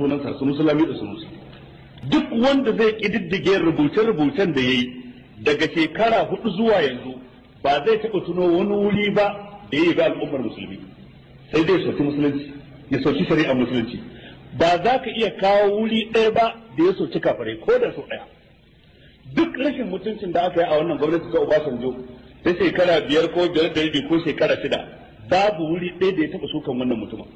sunansa su musulmi da su duk wanda zai kididdige rubuce-rubucen da yayi daga shekara hudu zuwa yanzu ba zai taɓa tuno wani wuri ba da ya yi ga al'ummar musulmi sai dai soki musulunci ya soki musulunci ba za ka iya kawo wuri ɗaya ba da ya soki kafare ko da su ɗaya duk rashin mutuncin da aka yi a wannan gwamnati ta Obasanjo da shekara biyar ko biyar da ko shekara shida babu wuri ɗaya da ya taɓa sukan wannan mutumin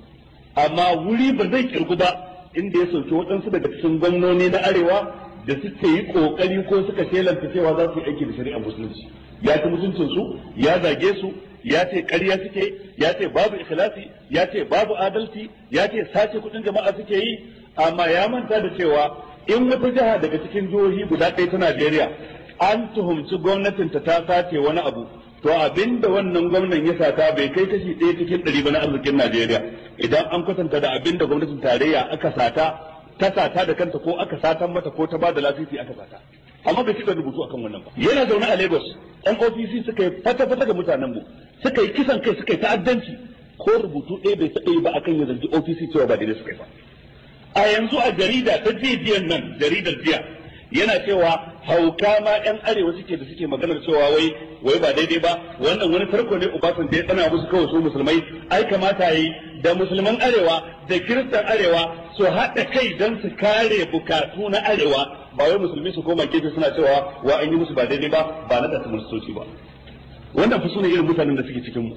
amma wuri ba zai kirgu ba inda ya sauke waɗansu daga cikin gwamnoni na arewa da suka yi ƙoƙari ko suka shelanta cewa za su yi aiki da shari'ar musulunci ya ci mutuncin ya zage su ya ce ƙarya suke ya ce babu ikhlasi ya ce babu adalci ya ce sace kuɗin jama'a suke yi amma ya manta da cewa in wata jiha daga cikin jihohi guda ɗaya ta Najeriya an tuhumci gwamnatinta ta sace wani abu to abinda wannan gwamnan ya sata bai kai kashi ɗaya cikin ɗari ba na arzikin Najeriya idan an kwatanta da abinda gwamnatin tarayya aka sata ta sata da kanta ko aka satan mata ko ta bada lasisi aka sata amma bai cika rubutu akan wannan ba yana zaune a Lagos ɗan OPC suka yi fata-fata ga mutanen mu suka yi kisan kai suka yi ta'addanci ko rubutu ɗaya bai taɓa yi ba akan ya zargi OPC cewa ba daidai suka yi ba a yanzu a jarida ta jiya nan jaridar jiya yana cewa hauka ma ɗan arewa suke da suke maganar cewa wai wai ba daidai ba wannan wani farko ne ubasan da ya tsana musu kawai su musulmai ai kamata yi da musulman arewa da kiristan arewa su haɗa kai don su kare bukatu na arewa ba wai musulmi su koma gefe suna cewa wa an yi musu ba daidai ba ba na tasu musulci ba wannan fi sune irin mutanen da suke cikin mu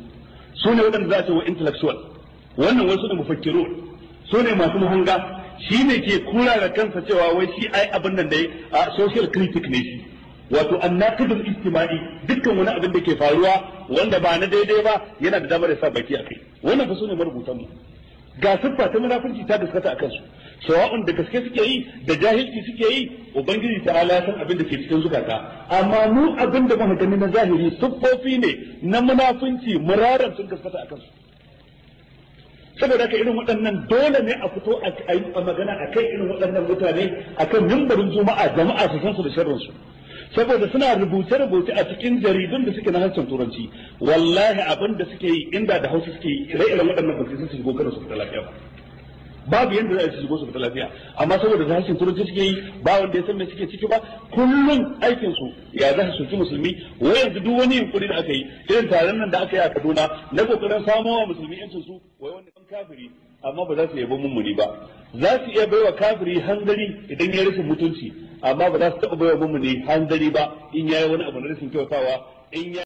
sune waɗanda za a ce wa intellectual wannan wasu ne su sune masu muhanga shi ne ke kura da kansa cewa wai shi ai abin nan da a social critic ne shi wato kudin istima'i dukkan wani abin da ke faruwa wanda ba na daidai ba yana da damar ya sa baki a kai wannan fa sune marubutan mu ga siffa ta munafunci ta gaskata akan su sawa'un da gaske suke yi da jahilci suke yi ubangiji ta ala san abin da ke cikin zukata amma mu abin da muka gani na zahiri siffofi ne na munafunci muraran sun gaskata a kansu. saboda ka irin waɗannan dole ne a fito a yi magana a kai irin waɗannan mutane a kan mimbarin juma'a jama'a su san su da sharrin su saboda suna rubuce-rubuce a cikin jaridun da suke na harshen turanci wallahi abin da suke yi inda da hausa suke yi ire-iren waɗannan ba su shigo kada su fita lafiya ba babu yadda za a ci shigo su fita lafiya amma saboda rashin turanci suke yi ba wanda ya san me suke ciki ba kullum aikin su ya za su soki musulmi wai yanzu duk wani yunkuri da aka yi irin taron nan da aka yi a Kaduna na kokarin samo wa musulmi yancin su wai wani kan kafiri amma ba za su yabo mummuni ba za su iya baiwa kafiri hanzari idan ya rashin mutunci amma ba za su taɓa baiwa muni hanzari ba in ya wani abu na rashin kyautawa in ya